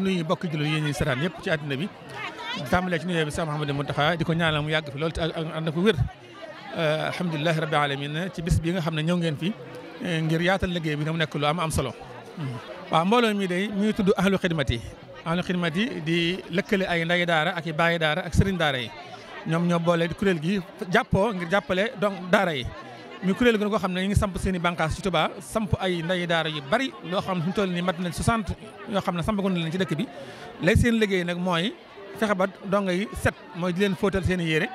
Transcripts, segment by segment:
di nuyu mbokki jullit yi ñuy saraan yëpp ci àddina bi tàmbalee ci nuyoo bi Cheikh Mouhamadou Mountakha di ko ñaanal mu yàgg fi loolu te ànd na ko wér euh, alhamdulilahi rabbil alamin ci bis bi nga xam ne ñëw ngeen fi euh, ngir yaatal liggéey bi mu nekk lu am am solo mbooloo mi day mi ngi tudd ahlu xidmat yi ahlu xidmat di lëkkale ay ndayi daara ak i bàyyi daara ak sëriñ daara yi ñoom ñoo boole kuréel gi jàppoo ngir jàppale donc daara yi muy kuréel gën koo xam ne ñu ngi samp seen i bànqaas ci Touba samp ay ndayi daara yu bari loo xam ne fi mu toll nii mat nañ 60 yoo xam ne sampagoon na leen ci dëkk bi lay seen liggéey nag mooy fexe ba donga yi set mooy di leen fóotal seen i yére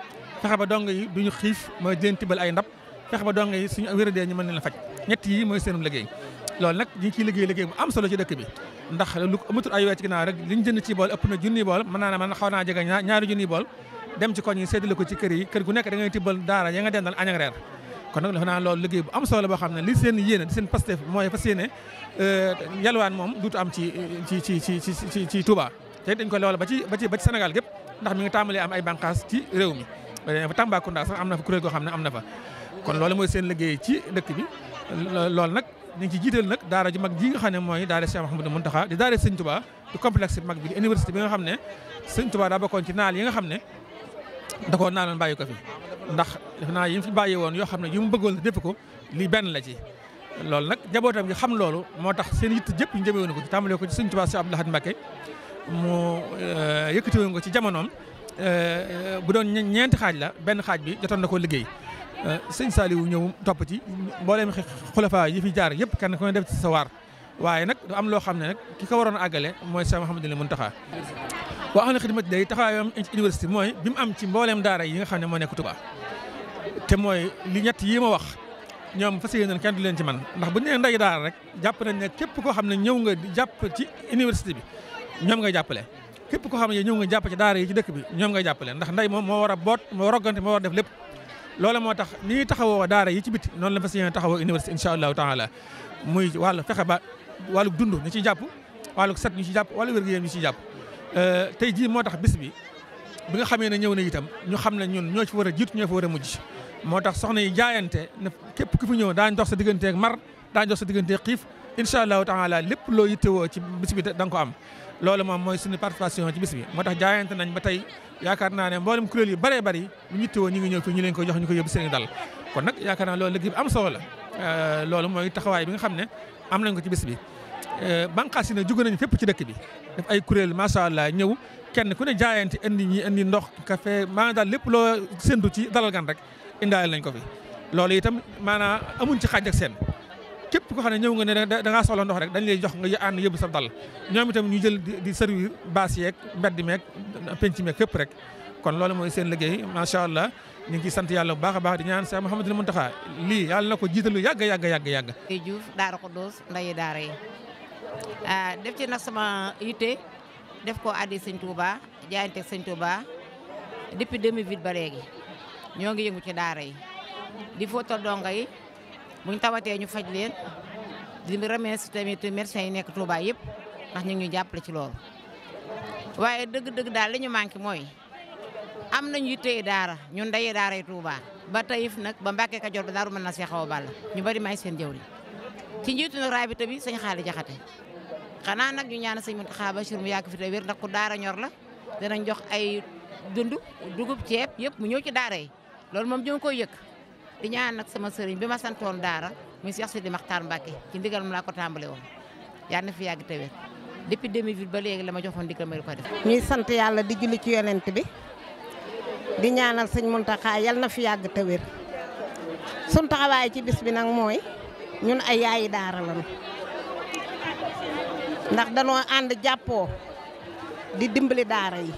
fexe ba donga yi duñu xiif mooy di leen tibbal ay ndab fexe ba donga yi suñu wéradee ñu mën leen faj ñett yi mooy seenum liggéey loolu nag ñu ci ciy liggéey liggéey bu am solo ci dëkk bi ndax lu amatul ay weer ci ginnaaw rek li na junni bool mën naa ne man xaw naa jege ko ci kër yi kër gu nekk da ngay tibbal daara ya nga dendal añ ak reer kon nag defe naa loolu liggéey bu am solo la boo xam ne li seen yéene di seen pastef mooy fas yéene euh, yalwaan moom duutu am ci ci ci ci ci ci Touba. te dañ ko loola ba ci ba ci ba ci gépp ndax mi ngi tàmbalee am ay banqaas ci réew mi euh, ba Tambacounda sax am na fa kuréel goo xam ne am na fa kon loolu mooy seen liggéey ci dëkk bi loolu nag ñu ngi ci jiital nag daara ji mag ji nga xam ne mooy daara Cheikh Mouhamadou Mountakha di daara Sëñ Touba di complexe bi mag bi di université bi nga xam ne Sëñ Touba daa bokkoon ci naal yi nga xam ne da koo naaloon bàyyi ko fi ndax def naa yi mu fi woon yoo xam ne yu mu bëggoon def ko lii benn la ci loolu nag njabootam gi xam loolu moo tax seen yitt jëpp ñu jëmewoon ko ci tàmbalee ko ci Sëriñ Tuubaa si mu euh, yëkkati ko ci jamonoom euh, bu doon ñeenti xaaj la benn xaaj bi jotoon na ko liggéey euh, sëñ Saliou ñëw topp ci mbooleem xulafa yi fi jaar yëpp kenn ko def ci sa waar waaye nag du am loo xam ne nag ki ko waroon a àggale mooy Cheikh mun taxaa waa ahlu xidmati day taxawaayam mooy bi mu am ci mbooleem daara yi nga xam ne moo nekk Tuubaa te mooy li ñett yi ma wax ñoom fas yéeneen kenn du leen ci man ndax bu ñu nday daara rek jàpp nañ ne képp koo xam ne ñëw nga jàpp ci université bi ñoom ngay jàppale képp koo xam ne ñëw nga jàpp ci daara yi ci dëkk bi ñoom ngay jàppale ndax nday moo war a boot moo roggante moo war def lépp loolu moo tax nii taxawoo daara yi ci biti noonu la fas yéene taxawoo université insha allahu taala muy wàllu fexe ba wàllu dund ñu ciy jàpp wàllu set ñu ciy jàpp wàllu wér-gu-yaram ñu jàpp Euh, tey jii moo tax bis bi nga xamee ne ñëw na itam ñu xam ne ñun ñoo ci war a jiitu ñoo fi war a mujj moo tax soxna yi jaayante ne képp ku fi ñëw daañ dox sa digganteeg mar daañ dox sa digganteeg xiif incha allahu taala lépp loo yittewoo ci bis bi da nga am loolu moom mooy suñu participation ci bis bi moo tax jaayante nañ ba tey yaakaar naa ne mboolem kuréel yu bëree bëri lu ñu yittewoo ñu ngi ñëw fii ñu leen ko jox ñu ko yóbbu seen dal kon nag yaakaar naa loolu liggéey bi am solo la euh, loolu mooy taxawaay bi nga xam ne am nañ ko ci bis bi Eh, bànqaas yi nag jóge nañu fépp ci dëkk bi def ay kuréel macha allah ñëw kenn ku ne jaayante indi ñi indi ndox café maanaam daal lépp loo séntu ci dalal gan rek indaale nañ ko fi. loolu itam maanaam amuñ ci xaaj ak seen képp koo xam ne ñëw nga ne da ngaa soxla ndox rek dañ lay jox nga ànd yëbb sa dal ñoom itam ñu jël di servir yeeg mbedd meeg penc meeg fépp rek. kon loolu mooy seen liggéey macha allah ñu ngi ciy sant yàlla bu baax a baax di ñaan Seex Muhammadul Muntaxa lii yàlla na ko jiitalu yàgg yàgg yàgg yàgg. Diouf Daara Khoudous ndeyu daara Euh, def ci nag sama yitte def ko addi sëñ Touba jaayante sëñ Touba depuis 2008 ba léegi ñoo ngi yëngu ci daara yi di footal donga yi buñ tawatee ñu faj leen di remercier tamit médecins yi nekk Touba yëpp ndax ñu ngi ñu jàppale ci loolu waaye dëgg-dëgg daal li ñu manqué mooy am nañu yittee daara ñun dayee daara yi Touba ba tayif nag ba Mbàkke Kajoor ba daaru mën na see xaw a ball ñu bari may seen jëwri ci njiitu nag rabita bi sëñ xaali jaxate xanaa nag ñu ñaan sëñ Muntaxa Bachir mu yàgg fi te wér ndax ku daara ñor la danañ jox ay dund dugub ceeb yëpp mu ñëw ci daara loolu moom ñoo ngi koy yëg ñaan nag sama sëriñ bi ma santoon daara muy Cheikh Sidi Makhtar Mbacké ci ndigal laa ko tàmbale woon yal na fi yàgg te wér depuis 2008 ba léegi la ma joxoon ndigal ma di ko def. ñuy sant yàlla di julli ci yonent bi di ñaanal sëñ Muntaxa yal na fi yàgg te ci bis bi nag mooy. ñun ay yaayi daara lañu ndax danoo ànd jàppoo di dimbali daara yi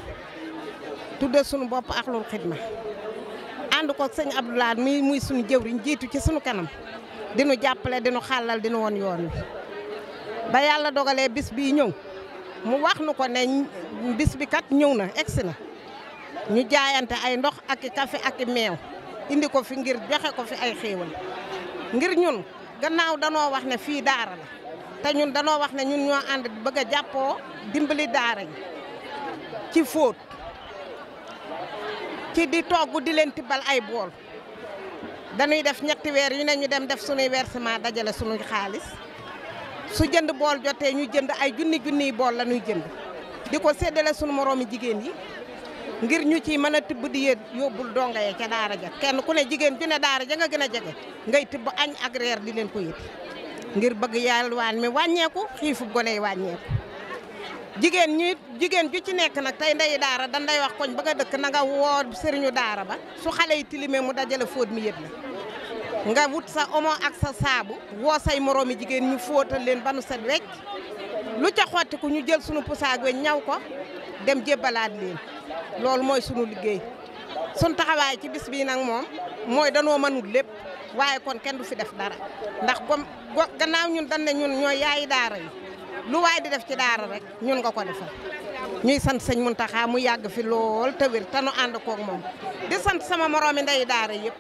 tudde sunu bopp Ahlul Xidma ànd ko sëñ Abdoulaye mi muy suñu jëwriñ jiitu ci suñu kanam dinu jàppale dinu xàllal dinu woon yoon wi ba yàlla dogalee bis bii ñëw mu wax nu ko ne bis bi kat ñëw na egsi na ñu jaayante ay ndox ak i kafe ak i meew indi ko fi ngir joxe ko fi ay xéewal ngir ñun gannaaw danoo wax ne fii daara la te ñun danoo wax ne ñun ñoo ànd bëgg a jàppoo dimbali daara yi ci fóot ci di togg di leen tibbal ay bool dañuy def ñetti weer yu ne ñu dem def suñuy versement dajale suñuy xaalis su jënd bool jotee ñu jënd ay junni junniy bool la ñuy jënd di ko séddale suñu moroomi jigéen yi ngir ñu ci mën a tibb di yéen yóbbul donga ya ca daara ja kenn ku ne jigéen ju ne daara ja nga gën a jege ngay tibb añ ak di leen ko yit ngir bëgg yalwaan mi wàññeeku xiifu gone yi wàññeeku jigéen ñu jigéen ju ci nekk nag tey ndey daara dan day wax koñ ba nga dëkk nanga nga woo sëriñu daara ba su xale yi tilimee mu dajale fóot mi yëpp la nga wut sa omo ak sa saabu woo say moroomi jigéen ñu fóotal leen ba nu set wecc lu ca xottiku ñu jël sunu pusaag ñaw ko dem jébbalaat leen loolu mooy sunu liggéey sun taxawaay ci bis bii nag moom mooy danoo mënul lépp waaye kon kenn du fi def dara ndax comme gannaaw ñun dañ ne ñun ñooy yaayi daara yi lu waaye di def ci daara rek ñun nga ko defal ñuy sant sëñ Muntaxa mu yàgg fi lool te wér te nu ànd koog moom di sant sama moroomi ndey daara yëpp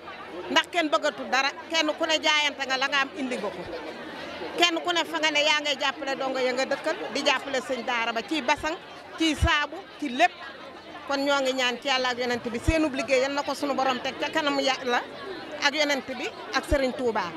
ndax kenn bëggatul dara kenn ku ne jaayante nga la nga am indi nga ko kenn ku ne fa nga ne yaa ngay jàppale dongo ya nga dëkkal di jàppale sëñ daara ba ciy basang ciy saabu ci lépp kon ñoo ngi ñaan ci yàlla ak yonent bi seenub liggéey yal na ko sunu borom teg ca kanamu yàlla ak yonent bi ak Serigne Touba.